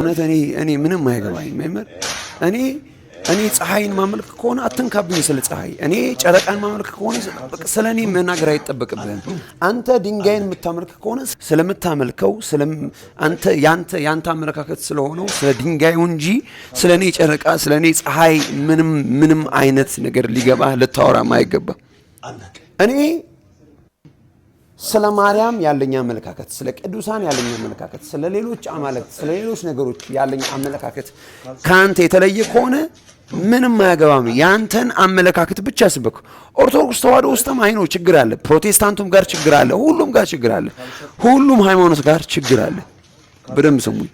እውነት እኔ እኔ ምንም አይገባኝ መምህር እኔ እኔ ፀሐይን ማመልክ ከሆነ አትንካብኝ ስለ ፀሐይ። እኔ ጨረቃን ማመልክ ከሆነ ስለ እኔ መናገር አይጠበቅብህም። አንተ ድንጋይን የምታመልክ ከሆነ ስለምታመልከው ያንተ አመለካከት ስለሆነው ስለ ድንጋዩ እንጂ ስለ እኔ ጨረቃ፣ ስለ እኔ ፀሐይ ምንም ምንም አይነት ነገር ሊገባህ ልታወራም አይገባም። እኔ ስለ ማርያም ያለኝ አመለካከት፣ ስለ ቅዱሳን ያለኝ አመለካከት፣ ስለ ሌሎች አማልክት፣ ስለ ሌሎች ነገሮች ያለኝ አመለካከት ከአንተ የተለየ ከሆነ ምንም አያገባም። ያንተን አመለካከት ብቻ ስበክ። ኦርቶዶክስ ተዋሕዶ ውስጥም አይኖ ችግር አለ፣ ፕሮቴስታንቱም ጋር ችግር አለ፣ ሁሉም ጋር ችግር አለ፣ ሁሉም ሃይማኖት ጋር ችግር አለ። በደንብ ስሙኝ።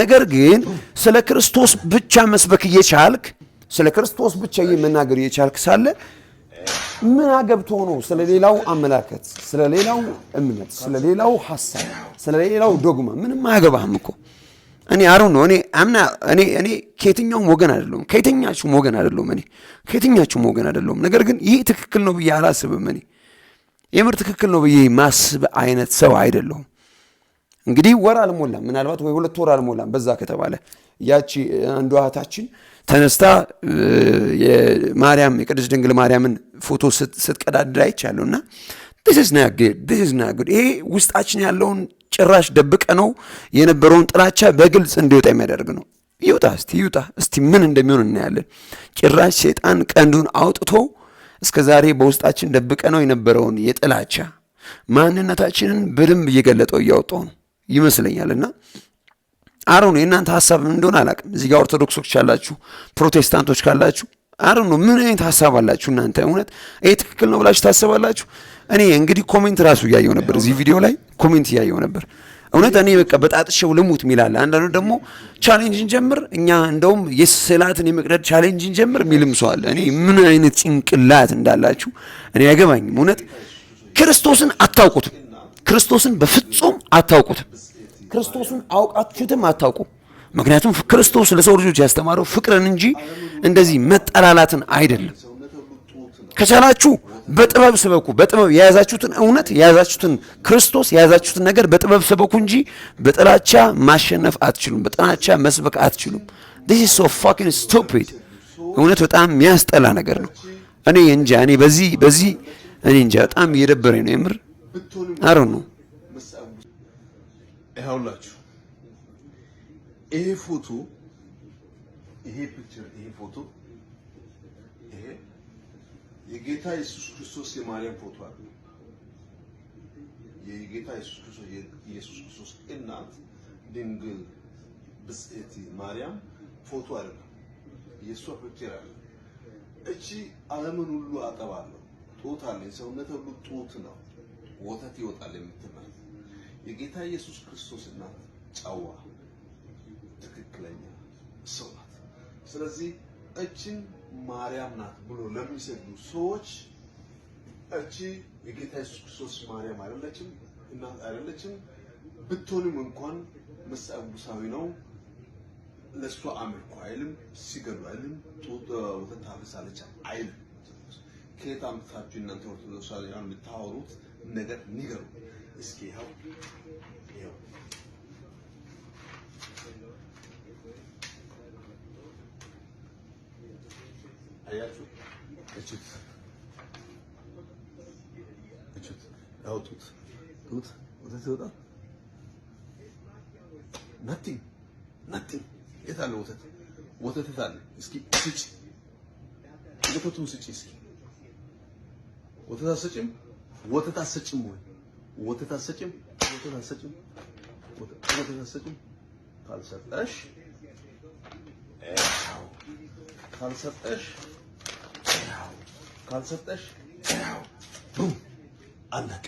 ነገር ግን ስለ ክርስቶስ ብቻ መስበክ እየቻልክ ስለ ክርስቶስ ብቻ መናገር እየቻልክ ሳለ ምን አገብቶ ነው ስለሌላው አመላከት፣ ስለሌላው እምነት፣ ስለሌላው ሐሳብ፣ ስለሌላው ዶግማ ምንም አያገባህም እኮ። እኔ አሩ ነው እኔ አምና እኔ እኔ ከየትኛውም ወገን አይደለሁም፣ ከየትኛችሁም ወገን አይደለሁም። እኔ ከየትኛችሁም ወገን አይደለሁም። ነገር ግን ይህ ትክክል ነው ብዬ አላስብም። እኔ የምር ትክክል ነው ብዬ ማስብ አይነት ሰው አይደለሁም። እንግዲህ ወር አልሞላም፣ ምናልባት ወይ ሁለት ወር አልሞላም በዛ ከተባለ ያቺ አንዷ እህታችን ተነስታ የማርያም የቅድስት ድንግል ማርያምን ፎቶ ስትቀዳድር አይቻለሁ እና ይሄ ውስጣችን ያለውን ጭራሽ ደብቀ ነው የነበረውን ጥላቻ በግልጽ እንዲወጣ የሚያደርግ ነው። ይውጣ እስቲ ይውጣ እስቲ ምን እንደሚሆን እናያለን። ጭራሽ ሴጣን ቀንዱን አውጥቶ እስከ ዛሬ በውስጣችን ደብቀ ነው የነበረውን የጥላቻ ማንነታችንን በደንብ እየገለጠው እያወጣው ነው ይመስለኛልና አሮ ነው የእናንተ ሀሳብ እንደሆነ አላውቅም። እዚህ ጋር ኦርቶዶክሶች ካላችሁ፣ ፕሮቴስታንቶች ካላችሁ አሮ ነው ምን አይነት ሀሳብ አላችሁ እናንተ? እውነት ይህ ትክክል ነው ብላችሁ ታስባላችሁ? እኔ እንግዲህ ኮሜንት ራሱ እያየው ነበር፣ እዚህ ቪዲዮ ላይ ኮሜንት እያየው ነበር። እውነት እኔ በቃ በጣጥሸው ልሙት ሚላለ። አንዳንዱ ደግሞ ቻሌንጅን ጀምር እኛ እንደውም የስዕላትን የመቅደድ ቻሌንጅን ጀምር ሚልም ሰው አለ። እኔ ምን አይነት ጭንቅላት እንዳላችሁ እኔ አይገባኝም። እውነት ክርስቶስን አታውቁትም። ክርስቶስን በፍጹም አታውቁትም። ክርስቶስን አውቃችሁትም አታውቁ። ምክንያቱም ክርስቶስ ለሰው ልጆች ያስተማረው ፍቅርን እንጂ እንደዚህ መጠላላትን አይደለም። ከቻላችሁ በጥበብ ስበኩ። በጥበብ የያዛችሁትን እውነት የያዛችሁትን ክርስቶስ የያዛችሁትን ነገር በጥበብ ስበኩ እንጂ በጥላቻ ማሸነፍ አትችሉም። በጥላቻ መስበክ አትችሉም። this is so fucking stupid እውነት በጣም የሚያስጠላ ነገር ነው። እኔ እንጃ እኔ በዚህ በዚህ እኔ እንጃ በጣም እየደበረኝ ነው የምር አረ ነው ይኸውላችሁ ይሄ ፎቶ ይሄ ፒክቸር ይሄ ፎቶ ይሄ የጌታ ኢየሱስ ክርስቶስ የማርያም ፎቶ አለ። የጌታ ኢየሱስ ክርስቶስ የኢየሱስ ክርስቶስ እናት ድንግል ብጽዕት ማርያም ፎቶ አለ። የእሷ ፒክቸር አለ። እቺ ዓለምን ሁሉ አጠባለሁ ጡት አለኝ። ሰውነት ሁሉ ጡት ነው፣ ወተት ይወጣል የምትመኝ የጌታ ኢየሱስ ክርስቶስ እናት ጨዋ፣ ትክክለኛ ሰው ናት። ስለዚህ እችን ማርያም ናት ብሎ ለሚሰግዱ ሰዎች እቺ የጌታ ኢየሱስ ክርስቶስ ማርያም አይደለችም፣ እናት አይደለችም። ብትሆንም እንኳን መጽሐፍ ቅዱሳዊ ነው። ለእሷ አምልኮ አይልም፣ ሲገሉ አይልም፣ ወተት ታፈሳለች አይልም። ከየት አምጥታችሁ እናንተ ኦርቶዶክሳውያን የምታወሩት ነገር ንገሩ እስኪ። ይኸው ይኸው አያችሁ፣ እችት እችት ያውጡት ጡት ወተት ይወጣል። ናቲንግ ናቲንግ። የት አለ ወተት? ወተት የት አለ? እስኪ ስጪ፣ ወተቱን ስጪ እስኪ ወተት አትሰጭም? ወተት አትሰጭም ወይ? ወተት አትሰጭም? ወተት አትሰጭም? ወተት አትሰጭም? ካልሰጠሽ ካልሰጠሽ ካልሰጠሽ አለቀ።